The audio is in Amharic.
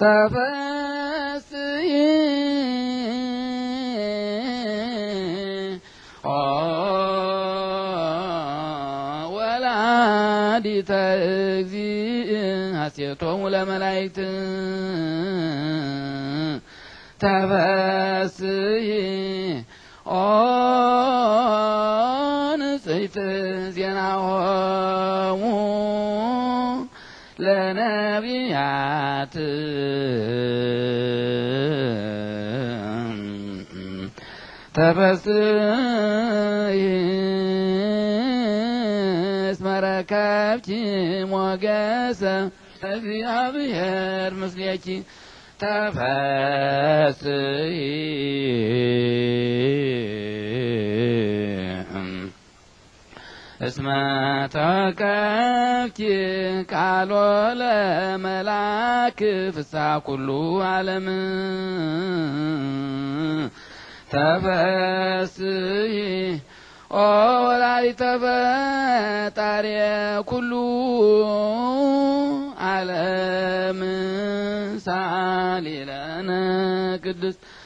ተፈስሒ ወላዲተ እግዚእ ሐሴቶሙ ለመላእክት ተፈስሒ ንጽሕት ዜናሆ ለነቢያት ተፈስይ ስመረከብኪ ሞገሰ እግዚአብሔር ምስሌኪ ተፈስይ እስመ ተወከፍኪ ቃሎ ለመላክ ፍሳ ኩሉ ዓለም ተፈስሒ ኦ ወላዲተ ፈጣሪ ኩሉ ዓለም ሳሊለነ ቅድስት